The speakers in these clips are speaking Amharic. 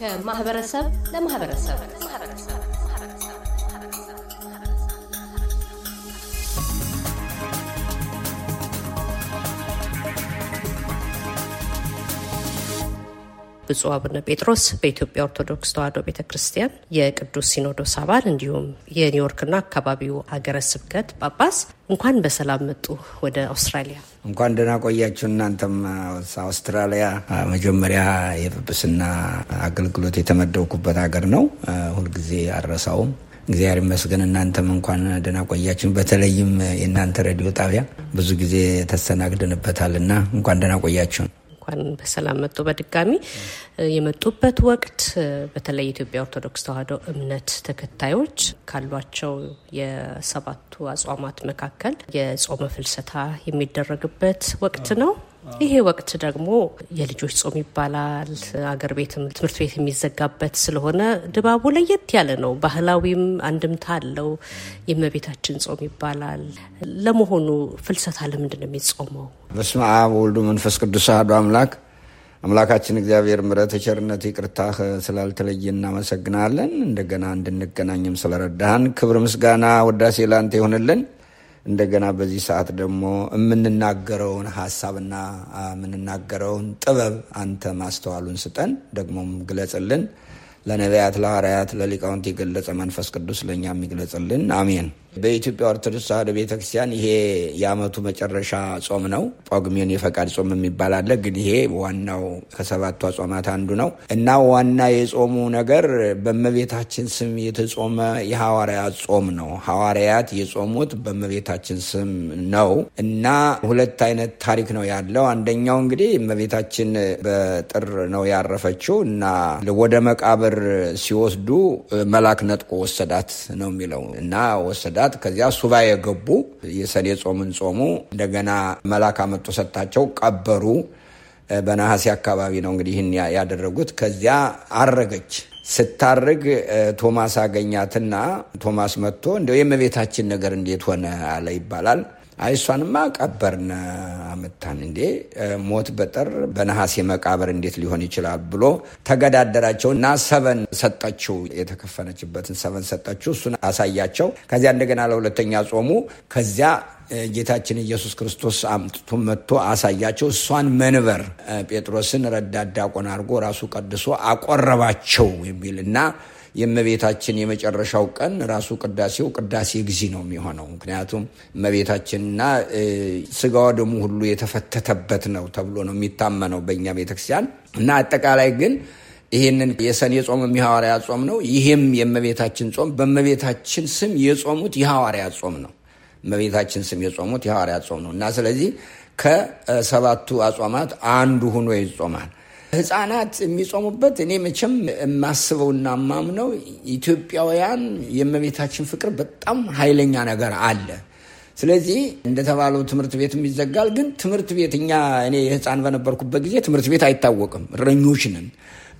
ከማህበረሰብ ለማህበረሰብ ብፁዕ አቡነ ጴጥሮስ በኢትዮጵያ ኦርቶዶክስ ተዋሕዶ ቤተ ክርስቲያን የቅዱስ ሲኖዶስ አባል እንዲሁም የኒውዮርክና አካባቢው ሀገረ ስብከት ጳጳስ እንኳን በሰላም መጡ ወደ አውስትራሊያ። እንኳን ደህና ቆያችሁ። እናንተም አውስትራሊያ መጀመሪያ የጵጵስና አገልግሎት የተመደብኩበት ሀገር ነው። ሁልጊዜ አረሳውም። እግዚአብሔር ይመስገን። እናንተም እንኳን ደህና ቆያችን። በተለይም የእናንተ ሬዲዮ ጣቢያ ብዙ ጊዜ እና እንኳን ደህና ቆያችሁን። እንኳን በሰላም መጡ። በድጋሚ የመጡበት ወቅት በተለይ የኢትዮጵያ ኦርቶዶክስ ተዋሕዶ እምነት ተከታዮች ካሏቸው የሰባቱ አጽዋማት መካከል የጾመ ፍልሰታ የሚደረግበት ወቅት ነው። ይሄ ወቅት ደግሞ የልጆች ጾም ይባላል። አገር ቤትም ትምህርት ቤት የሚዘጋበት ስለሆነ ድባቡ ለየት ያለ ነው። ባህላዊም አንድምታ አለው። የእመቤታችን ጾም ይባላል። ለመሆኑ ፍልሰታ ለምንድን ነው የሚጾመው? በስመ አብ ወልዱ መንፈስ ቅዱስ አሐዱ አምላክ አምላካችን እግዚአብሔር ምሕረት፣ ቸርነት፣ ይቅርታ ስላልተለየ እናመሰግናለን። እንደገና እንድንገናኝም ስለረዳህን ክብር ምስጋና ወዳሴ ላንተ ይሆንልን። እንደገና በዚህ ሰዓት ደግሞ የምንናገረውን ሀሳብና የምንናገረውን ጥበብ አንተ ማስተዋሉን ስጠን፣ ደግሞም ግለጽልን። ለነቢያት፣ ለሐዋርያት፣ ለሊቃውንት የገለጸ መንፈስ ቅዱስ ለእኛም ይግለጽልን። አሜን። በኢትዮጵያ ኦርቶዶክስ ተዋህዶ ቤተክርስቲያን ይሄ የአመቱ መጨረሻ ጾም ነው። ጳጉሜን የፈቃድ ጾም የሚባል አለ። ግን ይሄ ዋናው ከሰባቱ አጾማት አንዱ ነው እና ዋና የጾሙ ነገር በእመቤታችን ስም የተጾመ የሐዋርያት ጾም ነው። ሐዋርያት የጾሙት በእመቤታችን ስም ነው እና ሁለት አይነት ታሪክ ነው ያለው። አንደኛው እንግዲህ እመቤታችን በጥር ነው ያረፈችው እና ወደ መቃብር ሲወስዱ መልአክ ነጥቆ ወሰዳት ነው የሚለው እና ወሰዳት ሰዓት ከዚያ ሱባ የገቡ የሰኔ ጾምን ጾሙ። እንደገና መላክ አመጡ ሰጥታቸው ቀበሩ። በነሐሴ አካባቢ ነው እንግዲህ ይህን ያደረጉት። ከዚያ አረገች። ስታርግ ቶማስ አገኛትና ቶማስ መጥቶ እንዲያው የእመቤታችን ነገር እንዴት ሆነ አለ ይባላል። አይ እሷንማ ቀበርን አመታን እንዴ ሞት በጠር በነሐሴ መቃብር እንዴት ሊሆን ይችላል ብሎ ተገዳደራቸው እና ሰበን ሰጠችው። የተከፈነችበትን ሰበን ሰጠችው። እሱን አሳያቸው። ከዚያ እንደገና ለሁለተኛ ጾሙ ከዚያ ጌታችን ኢየሱስ ክርስቶስ አምጥቶ መጥቶ አሳያቸው። እሷን መንበር ጴጥሮስን ረዳት ዲያቆን አድርጎ ራሱ ቀድሶ አቆረባቸው የሚል እና የእመቤታችን የመጨረሻው ቀን ራሱ ቅዳሴው ቅዳሴ ጊዜ ነው የሚሆነው። ምክንያቱም እመቤታችንና ስጋዋ ደሙ ሁሉ የተፈተተበት ነው ተብሎ ነው የሚታመነው በእኛ ቤተክርስቲያን እና አጠቃላይ ግን ይህንን የሰኔ ጾም የሐዋርያ ጾም ነው። ይህም የእመቤታችን ጾም በእመቤታችን ስም የጾሙት የሐዋርያ ጾም ነው። እመቤታችን ስም የጾሙት የሐዋርያ ጾም ነው እና ስለዚህ ከሰባቱ አጾማት አንዱ ሆኖ ይጾማል። ህጻናት የሚጾሙበት እኔ መቼም የማስበውና ማምነው ኢትዮጵያውያን የእመቤታችን ፍቅር በጣም ኃይለኛ ነገር አለ። ስለዚህ እንደተባለው ትምህርት ቤት ይዘጋል። ግን ትምህርት ቤት እኛ እኔ ህፃን በነበርኩበት ጊዜ ትምህርት ቤት አይታወቅም፣ እረኞች ነን።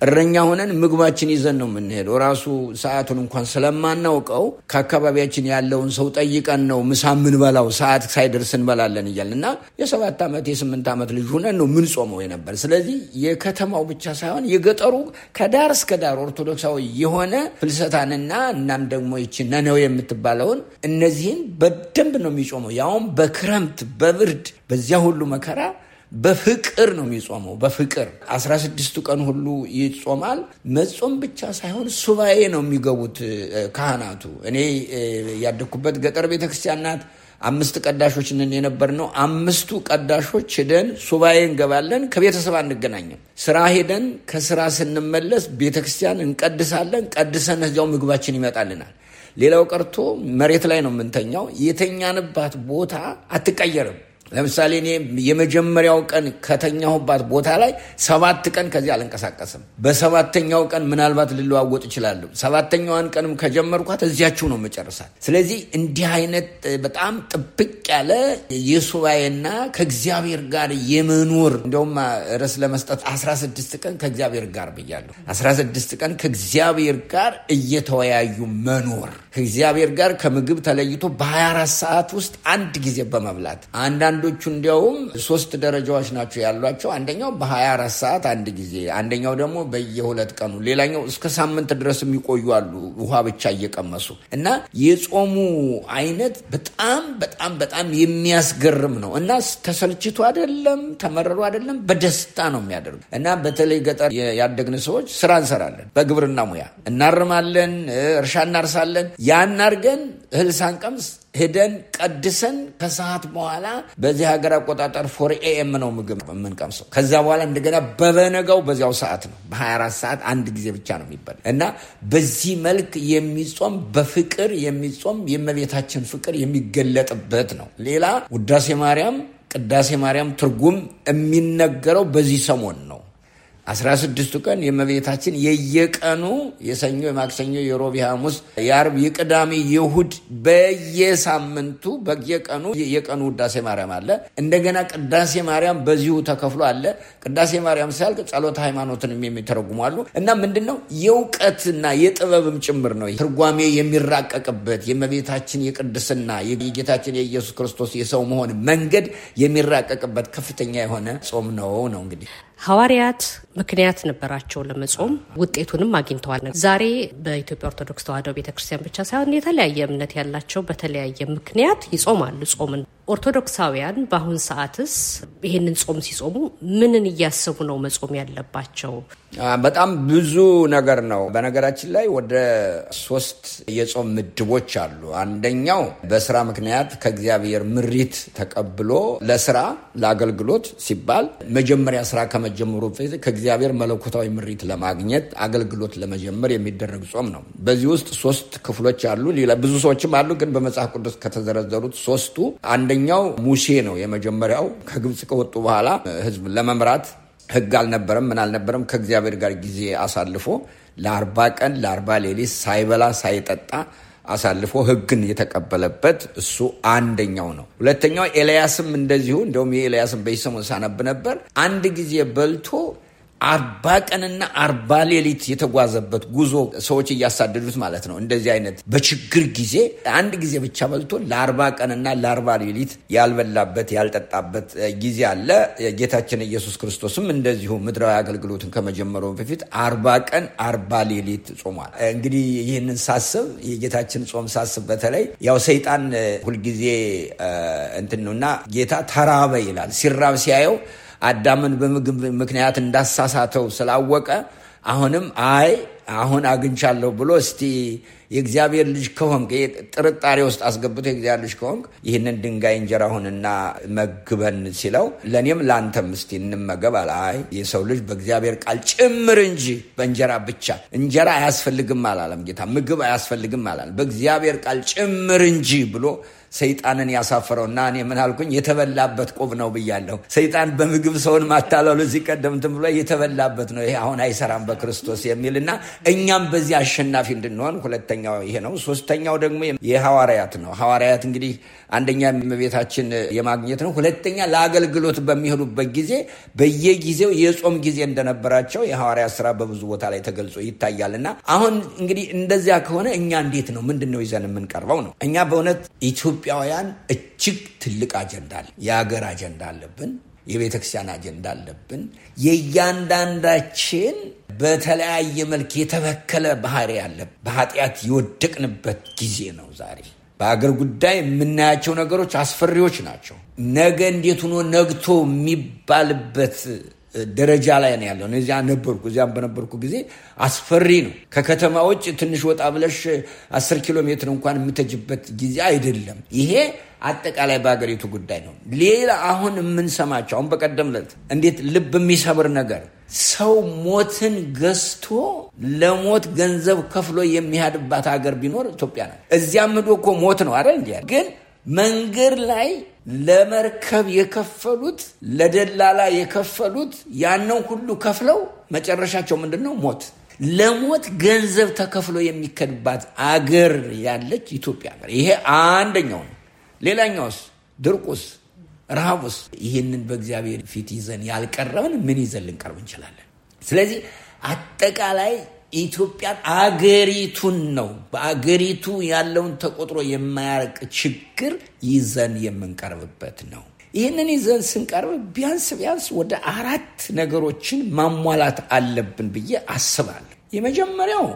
እረኛ ሆነን ምግባችን ይዘን ነው የምንሄደው። ራሱ ሰዓቱን እንኳን ስለማናውቀው ከአካባቢያችን ያለውን ሰው ጠይቀን ነው ምሳ ምንበላው ሰዓት ሳይደርስ እንበላለን እያል እና የሰባት ዓመት የስምንት ዓመት ልጅ ሆነን ነው ምን ጾመው የነበር። ስለዚህ የከተማው ብቻ ሳይሆን የገጠሩ ከዳር እስከ ዳር ኦርቶዶክሳዊ የሆነ ፍልሰታንና እናም ደግሞ ይቺ ነነው የምትባለውን እነዚህን በደንብ ነው የሚጾመው ያውም በክረምት በብርድ በዚያ ሁሉ መከራ በፍቅር ነው የሚጾመው። በፍቅር አስራ ስድስቱ ቀን ሁሉ ይጾማል። መጾም ብቻ ሳይሆን ሱባኤ ነው የሚገቡት ካህናቱ። እኔ ያደግኩበት ገጠር ቤተክርስቲያን ናት። አምስት ቀዳሾች ነን የነበርነው። አምስቱ ቀዳሾች ሄደን ሱባኤ እንገባለን። ከቤተሰብ አንገናኝም። ስራ ሄደን ከስራ ስንመለስ ቤተክርስቲያን እንቀድሳለን። ቀድሰን እዚያው ምግባችን ይመጣልናል። ሌላው ቀርቶ መሬት ላይ ነው የምንተኛው። የተኛንባት ቦታ አትቀየርም። ለምሳሌ እኔ የመጀመሪያው ቀን ከተኛሁባት ቦታ ላይ ሰባት ቀን ከዚህ አልንቀሳቀስም። በሰባተኛው ቀን ምናልባት ልለዋወጥ እችላለሁ። ሰባተኛዋን ቀንም ከጀመርኳት እዚያችሁ ነው መጨረሳት። ስለዚህ እንዲህ አይነት በጣም ጥብቅ ያለ የሱባኤና ከእግዚአብሔር ጋር የመኖር እንዲሁም ርዕስ ለመስጠት 16 ቀን ከእግዚአብሔር ጋር ብያለሁ። 16 ቀን ከእግዚአብሔር ጋር እየተወያዩ መኖር ከእግዚአብሔር ጋር ከምግብ ተለይቶ በ24 ሰዓት ውስጥ አንድ ጊዜ በመብላት አንዳንድ አንዳንዶቹ እንዲያውም ሶስት ደረጃዎች ናቸው ያሏቸው። አንደኛው በ24 ሰዓት አንድ ጊዜ፣ አንደኛው ደግሞ በየሁለት ቀኑ፣ ሌላኛው እስከ ሳምንት ድረስ የሚቆዩ አሉ ውሃ ብቻ እየቀመሱ እና የጾሙ አይነት በጣም በጣም በጣም የሚያስገርም ነው እና ተሰልችቶ አይደለም ተመረሩ አይደለም በደስታ ነው የሚያደርጉ እና በተለይ ገጠር ያደግን ሰዎች ስራ እንሰራለን፣ በግብርና ሙያ እናርማለን፣ እርሻ እናርሳለን። ያን አድርገን እህል ሳንቀምስ ሄደን ቀድሰን ከሰዓት በኋላ በዚህ ሀገር አቆጣጠር ፎር ኤኤም ነው ምግብ የምንቀምሰው። ከዛ በኋላ እንደገና በበነጋው በዚያው ሰዓት ነው። በ24 ሰዓት አንድ ጊዜ ብቻ ነው የሚበላ እና በዚህ መልክ የሚጾም በፍቅር የሚጾም የእመቤታችን ፍቅር የሚገለጥበት ነው። ሌላ ውዳሴ ማርያም፣ ቅዳሴ ማርያም ትርጉም የሚነገረው በዚህ ሰሞን ነው። አስራ ስድስቱ ቀን የእመቤታችን የየቀኑ የሰኞ፣ የማክሰኞ፣ የሮብ፣ የሐሙስ፣ የአርብ፣ የቅዳሜ፣ የእሑድ በየሳምንቱ በየቀኑ የቀኑ ውዳሴ ማርያም አለ። እንደገና ቅዳሴ ማርያም በዚሁ ተከፍሎ አለ። ቅዳሴ ማርያም ሲያልቅ ጸሎተ ሃይማኖትንም የሚተረጉሙ አሉ እና ምንድን ነው የእውቀትና የጥበብም ጭምር ነው ትርጓሜ የሚራቀቅበት የእመቤታችን የቅድስና የጌታችን የኢየሱስ ክርስቶስ የሰው መሆን መንገድ የሚራቀቅበት ከፍተኛ የሆነ ጾም ነው ነው እንግዲህ ሐዋርያት ምክንያት ነበራቸው ለመጾም ውጤቱንም አግኝተዋል። ዛሬ በኢትዮጵያ ኦርቶዶክስ ተዋሕዶ ቤተክርስቲያን ብቻ ሳይሆን የተለያየ እምነት ያላቸው በተለያየ ምክንያት ይጾማሉ ጾምን ኦርቶዶክሳውያን በአሁን ሰዓትስ ይህንን ጾም ሲጾሙ ምንን እያሰቡ ነው መጾም ያለባቸው? በጣም ብዙ ነገር ነው። በነገራችን ላይ ወደ ሶስት የጾም ምድቦች አሉ። አንደኛው በስራ ምክንያት ከእግዚአብሔር ምሪት ተቀብሎ ለስራ ለአገልግሎት ሲባል መጀመሪያ ስራ ከመጀመሩ በፊት ከእግዚአብሔር መለኮታዊ ምሪት ለማግኘት አገልግሎት ለመጀመር የሚደረግ ጾም ነው። በዚህ ውስጥ ሶስት ክፍሎች አሉ። ብዙ ሰዎችም አሉ፣ ግን በመጽሐፍ ቅዱስ ከተዘረዘሩት ሶስቱ አንደ አንደኛው ሙሴ ነው የመጀመሪያው። ከግብፅ ከወጡ በኋላ ህዝብ ለመምራት ህግ አልነበረም፣ ምን አልነበረም። ከእግዚአብሔር ጋር ጊዜ አሳልፎ ለአርባ ቀን ለአርባ ሌሊት ሳይበላ ሳይጠጣ አሳልፎ ህግን የተቀበለበት እሱ አንደኛው ነው። ሁለተኛው ኤልያስም እንደዚሁ። እንደውም የኤልያስም በዚህ ሳነብ ነበር አንድ ጊዜ በልቶ አርባ ቀንና አርባ ሌሊት የተጓዘበት ጉዞ ሰዎች እያሳደዱት ማለት ነው። እንደዚህ አይነት በችግር ጊዜ አንድ ጊዜ ብቻ በልቶ ለአርባ ቀንና ለአርባ ሌሊት ያልበላበት ያልጠጣበት ጊዜ አለ። ጌታችን ኢየሱስ ክርስቶስም እንደዚሁ ምድራዊ አገልግሎትን ከመጀመሩ በፊት አርባ ቀን አርባ ሌሊት ጾሟል። እንግዲህ ይህንን ሳስብ የጌታችን ጾም ሳስብ በተለይ ያው ሰይጣን ሁልጊዜ እንትን ነውና ጌታ ተራበ ይላል ሲራብ ሲያየው አዳምን በምግብ ምክንያት እንዳሳሳተው ስላወቀ አሁንም አይ አሁን አግኝቻለሁ ብሎ እስቲ የእግዚአብሔር ልጅ ከሆንክ ጥርጣሬ ውስጥ አስገብቶ የእግዚአብሔር ልጅ ከሆንክ ይህንን ድንጋይ እንጀራ ሁንና መግበን ሲለው ለእኔም ለአንተም እስቲ እንመገብ አለ። አይ የሰው ልጅ በእግዚአብሔር ቃል ጭምር እንጂ በእንጀራ ብቻ እንጀራ አያስፈልግም አላለም ጌታ። ምግብ አያስፈልግም አላለም። በእግዚአብሔር ቃል ጭምር እንጂ ብሎ ሰይጣንን ያሳፈረው እና እኔ ምን አልኩኝ? የተበላበት ቁብ ነው ብያለሁ። ሰይጣን በምግብ ሰውን ማታለሉ እዚህ ቀደምትም ብሎ የተበላበት ነው፣ ይሄ አሁን አይሰራም በክርስቶስ የሚል እና እኛም በዚህ አሸናፊ እንድንሆን ሁለተኛው ይሄ ነው። ሶስተኛው ደግሞ የሐዋርያት ነው። ሐዋርያት እንግዲህ አንደኛ እመቤታችን የማግኘት ነው። ሁለተኛ ለአገልግሎት በሚሄዱበት ጊዜ በየጊዜው የጾም ጊዜ እንደነበራቸው የሐዋርያት ስራ በብዙ ቦታ ላይ ተገልጾ ይታያል እና አሁን እንግዲህ እንደዚያ ከሆነ እኛ እንዴት ነው ምንድን ነው ይዘን የምንቀርበው ነው እኛ በእውነት ኢትዮጵያውያን እጅግ ትልቅ አጀንዳ አለ። የሀገር አጀንዳ አለብን። የቤተ ክርስቲያን አጀንዳ አለብን። የእያንዳንዳችን በተለያየ መልክ የተበከለ ባህሪ አለ። በኃጢአት የወደቅንበት ጊዜ ነው ዛሬ። በአገር ጉዳይ የምናያቸው ነገሮች አስፈሪዎች ናቸው። ነገ እንዴት ሆኖ ነግቶ የሚባልበት ደረጃ ላይ ነው ያለው። እዚያ ነበርኩ። እዚያም በነበርኩ ጊዜ አስፈሪ ነው። ከከተማ ውጭ ትንሽ ወጣ ብለሽ አስር ኪሎ ሜትር እንኳን የምተጅበት ጊዜ አይደለም። ይሄ አጠቃላይ በሀገሪቱ ጉዳይ ነው። ሌላ አሁን የምንሰማቸው አሁን በቀደም ዕለት እንዴት ልብ የሚሰብር ነገር ሰው ሞትን ገዝቶ ለሞት ገንዘብ ከፍሎ የሚያድባት ሀገር ቢኖር ኢትዮጵያ ናት። እዚያም ሄዶ እኮ ሞት ነው አይደል? ግን መንገድ ላይ ለመርከብ የከፈሉት ለደላላ የከፈሉት ያንን ሁሉ ከፍለው መጨረሻቸው ምንድን ነው? ሞት። ለሞት ገንዘብ ተከፍሎ የሚከድባት አገር ያለች ኢትዮጵያ ሀገር። ይሄ አንደኛው ነው። ሌላኛውስ? ድርቁስ፣ ረሃቡስ? ይህንን በእግዚአብሔር ፊት ይዘን ያልቀረብን ምን ይዘን ልንቀርብ እንችላለን? ስለዚህ አጠቃላይ ኢትዮጵያን አገሪቱን ነው በአገሪቱ ያለውን ተቆጥሮ የማያርቅ ችግር ይዘን የምንቀርብበት ነው። ይህንን ይዘን ስንቀርብ ቢያንስ ቢያንስ ወደ አራት ነገሮችን ማሟላት አለብን ብዬ አስባለሁ። የመጀመሪያው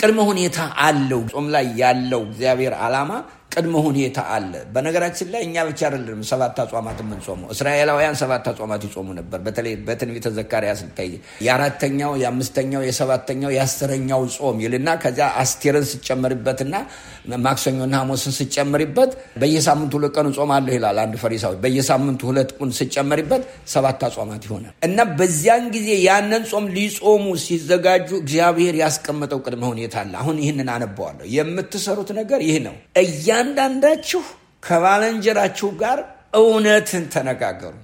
ቅድመ ሁኔታ አለው። ጾም ላይ ያለው እግዚአብሔር ዓላማ ቅድመ ሁኔታ አለ። በነገራችን ላይ እኛ ብቻ አይደለም ሰባት አጽዋማት የምንጾመው። እስራኤላውያን ሰባት አጽዋማት ይጾሙ ነበር። በተለይ በትንቢተ ዘካርያስ ስታይ የአራተኛው፣ የአምስተኛው፣ የሰባተኛው፣ የአስረኛው ጾም ይልና ከዚያ አስቴርን ስጨምርበትና ማክሰኞና ሐሙስን ስጨምርበት በየሳምንቱ ሁለት ቀን እጾማለሁ ይላል አንድ ፈሪሳዊ። በየሳምንቱ ሁለት ቀን ስጨምርበት ሰባት አጽዋማት ይሆነ እና በዚያን ጊዜ ያንን ጾም ሊጾሙ ሲዘጋጁ እግዚአብሔር ያስቀመጠው ቅድመ ሁኔታ አለ። አሁን ይህንን አነበዋለሁ። የምትሰሩት ነገር ይህ ነው እያ እያንዳንዳችሁ ከባለንጀራችሁ ጋር እውነትን ተነጋገሩ።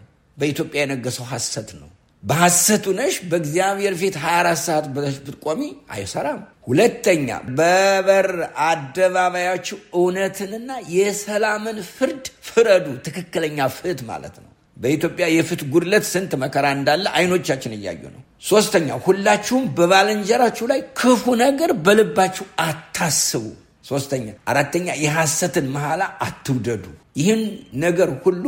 በኢትዮጵያ የነገሰው ሐሰት ነው። በሐሰቱ ነሽ በእግዚአብሔር ፊት 24 ሰዓት በታች ብትቆሚ አይሰራም። ሁለተኛ በበር አደባባያችሁ እውነትንና የሰላምን ፍርድ ፍረዱ። ትክክለኛ ፍትህ ማለት ነው። በኢትዮጵያ የፍትህ ጉድለት ስንት መከራ እንዳለ አይኖቻችን እያዩ ነው። ሶስተኛ ሁላችሁም በባለንጀራችሁ ላይ ክፉ ነገር በልባችሁ አታስቡ። ሶስተኛ አራተኛ የሐሰትን መሐላ አትውደዱ፣ ይህን ነገር ሁሉ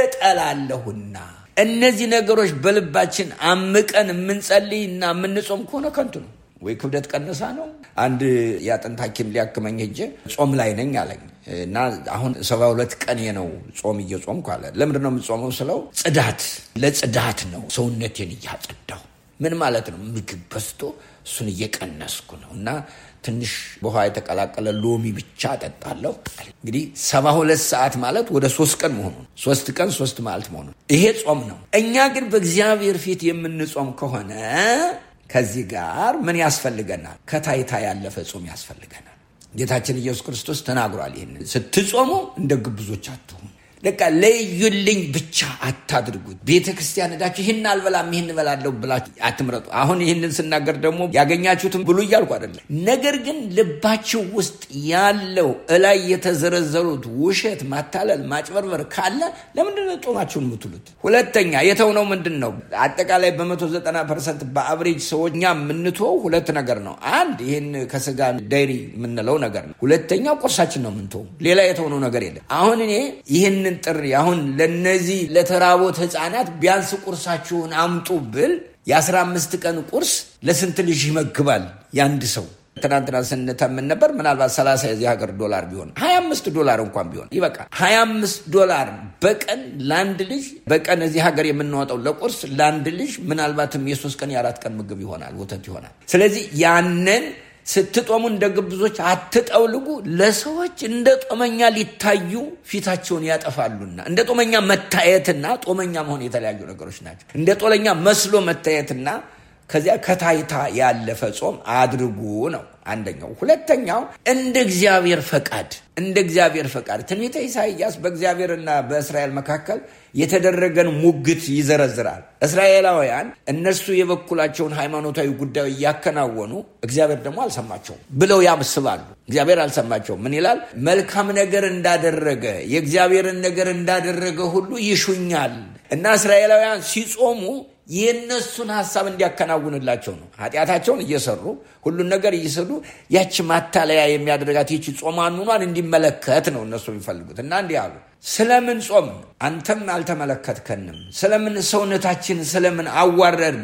እጠላለሁና። እነዚህ ነገሮች በልባችን አምቀን የምንጸልይ እና የምንጾም ከሆነ ከንቱ ነው። ወይ ክብደት ቀነሳ ነው። አንድ የአጥንት ሐኪም ሊያክመኝ ሄጄ ጾም ላይ ነኝ አለኝ እና አሁን ሰባ ሁለት ቀን ነው ጾም እየጾምኩ አለ። ለምንድን ነው የምጾመው ስለው ጽዳት ለጽዳት ነው፣ ሰውነቴን እያጸዳሁ ምን ማለት ነው? ምግብ በስቶ እሱን እየቀነስኩ ነው እና ትንሽ በውሃ የተቀላቀለ ሎሚ ብቻ ጠጣለሁ። እንግዲህ ሰባ ሁለት ሰዓት ማለት ወደ ሶስት ቀን መሆኑ ሶስት ቀን ሶስት ማለት መሆኑ ይሄ ጾም ነው። እኛ ግን በእግዚአብሔር ፊት የምንጾም ከሆነ ከዚህ ጋር ምን ያስፈልገናል? ከታይታ ያለፈ ጾም ያስፈልገናል። ጌታችን ኢየሱስ ክርስቶስ ተናግሯል። ይህን ስትጾሙ እንደ ግብዞች አትሁኑ በቃ ለዩልኝ ብቻ አታድርጉት። ቤተ ክርስቲያን ሄዳችሁ ይህን አልበላም ይህን እበላለሁ ብላችሁ አትምረጡ። አሁን ይህንን ስናገር ደግሞ ያገኛችሁትን ብሉ እያልኩ አይደለም። ነገር ግን ልባችሁ ውስጥ ያለው እላይ የተዘረዘሩት ውሸት፣ ማታለል፣ ማጭበርበር ካለ ለምንድን ነው ጾማችሁን የምትሉት? ሁለተኛ የተውነው ምንድን ነው? አጠቃላይ በመቶ ዘጠና ፐርሰንት በአብሬጅ ሰዎች እኛ የምንትወው ሁለት ነገር ነው። አንድ ይህን ከስጋ ዳይሪ የምንለው ነገር ነው። ሁለተኛው ቁርሳችን ነው የምንትወው። ሌላ የተውነው ነገር የለም። አሁን እኔ ይህንን ይህንን ጥሪ አሁን ለነዚህ ለተራቦት ህፃናት ቢያንስ ቁርሳችሁን አምጡ ብል የአስራ አምስት ቀን ቁርስ ለስንት ልጅ ይመግባል ያንድ ሰው? ትናንትና ስንተምን ነበር። ምናልባት ሰላሳ የዚህ ሀገር ዶላር ቢሆን ሀያ አምስት ዶላር እንኳን ቢሆን ይበቃል። ሀያ አምስት ዶላር በቀን ለአንድ ልጅ በቀን እዚህ ሀገር የምናወጣው ለቁርስ ለአንድ ልጅ ምናልባትም የሶስት ቀን የአራት ቀን ምግብ ይሆናል፣ ወተት ይሆናል። ስለዚህ ያንን ስትጦሙ እንደ ግብዞች አትጠውልጉ፣ ለሰዎች እንደ ጦመኛ ሊታዩ ፊታቸውን ያጠፋሉና። እንደ ጦመኛ መታየትና ጦመኛ መሆን የተለያዩ ነገሮች ናቸው። እንደ ጦለኛ መስሎ መታየትና ከዚያ ከታይታ ያለፈ ጾም አድርጉ ነው አንደኛው። ሁለተኛው እንደ እግዚአብሔር ፈቃድ እንደ እግዚአብሔር ፈቃድ ትንቢተ ኢሳይያስ በእግዚአብሔርና በእስራኤል መካከል የተደረገን ሙግት ይዘረዝራል። እስራኤላውያን እነሱ የበኩላቸውን ሃይማኖታዊ ጉዳይ እያከናወኑ እግዚአብሔር ደግሞ አልሰማቸውም ብለው ያምስባሉ። እግዚአብሔር አልሰማቸውም። ምን ይላል? መልካም ነገር እንዳደረገ የእግዚአብሔርን ነገር እንዳደረገ ሁሉ ይሹኛል እና እስራኤላውያን ሲጾሙ የእነሱን ሀሳብ እንዲያከናውንላቸው ነው። ኃጢአታቸውን እየሰሩ ሁሉን ነገር እየሰሩ ያች ማታለያ የሚያደርጋት ይቺ ጾማኑኗን እንዲመለከት ነው እነሱ የሚፈልጉት እና እንዲህ አሉ። ስለምን ጾም አንተም አልተመለከትከንም፣ ስለምን ሰውነታችን ስለምን አዋረድን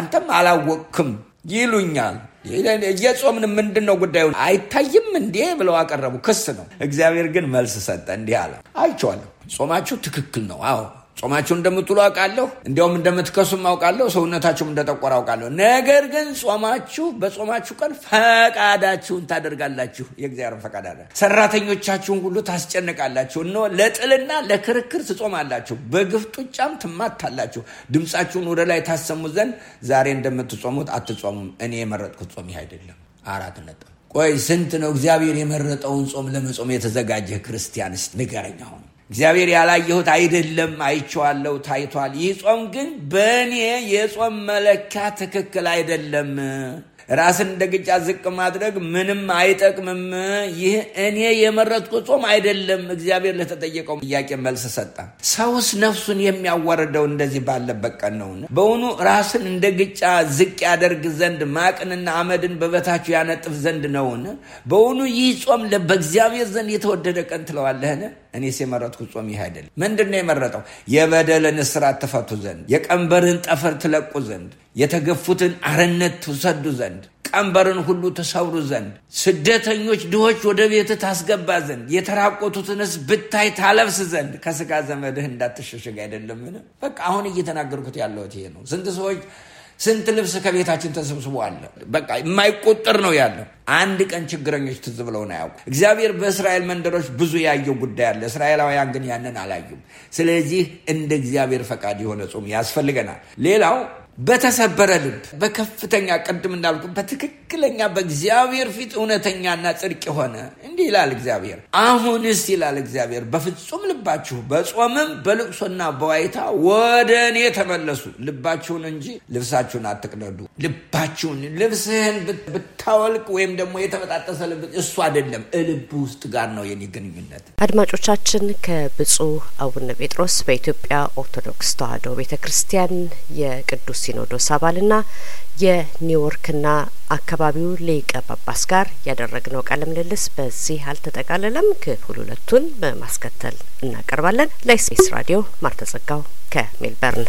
አንተም አላወቅክም ይሉኛል። የጾምን ምንድን ነው ጉዳዩ አይታይም እንዴ ብለው አቀረቡ። ክስ ነው። እግዚአብሔር ግን መልስ ሰጠ። እንዲህ አለ፣ አይቼዋለሁ። ጾማችሁ ትክክል ነው። አዎ ጾማችሁ እንደምትውሉ አውቃለሁ። እንዲያውም እንደምትከሱም አውቃለሁ። ሰውነታችሁም እንደጠቆረ አውቃለሁ። ነገር ግን ጾማችሁ በጾማችሁ ቀን ፈቃዳችሁን ታደርጋላችሁ። የእግዚአብሔር ፈቃድ አለ። ሰራተኞቻችሁን ሁሉ ታስጨንቃላችሁ። እነ ለጥልና ለክርክር ትጾማላችሁ፣ በግፍ ጡጫም ትማታላችሁ። ድምፃችሁን ወደ ላይ ታሰሙ ዘንድ ዛሬ እንደምትጾሙት አትጾሙም። እኔ የመረጥኩት ጾም ይህ አይደለም። አራት ነጥብ። ቆይ ስንት ነው እግዚአብሔር የመረጠውን ጾም ለመጾም የተዘጋጀ ክርስቲያንስ ንገረኝ አሁን እግዚአብሔር ያላየሁት አይደለም አይቸዋለው ታይቷል። ይህ ጾም ግን በእኔ የጾም መለኪያ ትክክል አይደለም። ራስን እንደ ግጫ ዝቅ ማድረግ ምንም አይጠቅምም። ይህ እኔ የመረጥኩ ጾም አይደለም። እግዚአብሔር ለተጠየቀው ጥያቄ መልስ ሰጠ። ሰውስ ነፍሱን የሚያዋርደው እንደዚህ ባለበት ቀን ነው በውኑ ራስን እንደ ግጫ ዝቅ ያደርግ ዘንድ ማቅንና አመድን በበታችሁ ያነጥፍ ዘንድ ነውን? በውኑ ይህ ጾም በእግዚአብሔር ዘንድ የተወደደ ቀን ትለዋለህን? እኔስ የመረጥኩት ጾም ይህ አይደለም። ምንድን ነው የመረጠው? የበደልን እስራት ትፈቱ ዘንድ፣ የቀንበርን ጠፈር ትለቁ ዘንድ፣ የተገፉትን አርነት ትሰዱ ዘንድ፣ ቀንበርን ሁሉ ትሰብሩ ዘንድ፣ ስደተኞች ድሆች ወደ ቤት ታስገባ ዘንድ፣ የተራቆቱትንስ ብታይ ታለብስ ዘንድ፣ ከስጋ ዘመድህ እንዳትሸሸግ አይደለምን? በቃ አሁን እየተናገርኩት ያለሁት ይሄ ነው። ስንት ሰዎች ስንት ልብስ ከቤታችን ተሰብስቦ አለ። በቃ የማይቆጠር ነው ያለው። አንድ ቀን ችግረኞች ትዝ ብለውን አያውቁ። እግዚአብሔር በእስራኤል መንደሮች ብዙ ያየው ጉዳይ አለ። እስራኤላውያን ግን ያንን አላዩም። ስለዚህ እንደ እግዚአብሔር ፈቃድ የሆነ ጾም ያስፈልገናል። ሌላው በተሰበረ ልብ በከፍተኛ ቅድም እንዳልኩ በትክክለኛ በእግዚአብሔር ፊት እውነተኛና ጽድቅ የሆነ እንዲህ ይላል እግዚአብሔር። አሁንስ ይላል እግዚአብሔር በፍጹም ልባችሁ በጾምም በልቅሶና በዋይታ ወደ እኔ ተመለሱ። ልባችሁን እንጂ ልብሳችሁን አትቅደዱ። ልባችሁን ልብስህን ብታወልቅ ወይም ደግሞ የተበጣጠሰ ልብ እሱ አይደለም እልብ ውስጥ ጋር ነው የኔ ግንኙነት። አድማጮቻችን ከብፁዕ አቡነ ጴጥሮስ በኢትዮጵያ ኦርቶዶክስ ተዋሕዶ ቤተ ክርስቲያን የቅዱስ ሲኖዶስ አባልና የኒውዮርክና አካባቢው ሊቀ ጳጳስ ጋር ያደረግነው ቃለ ምልልስ በዚህ አልተጠቃለለም። ክፍል ሁለቱን በማስከተል እናቀርባለን። ለኤስቢኤስ ራዲዮ ማርተጸጋው ከሜልበርን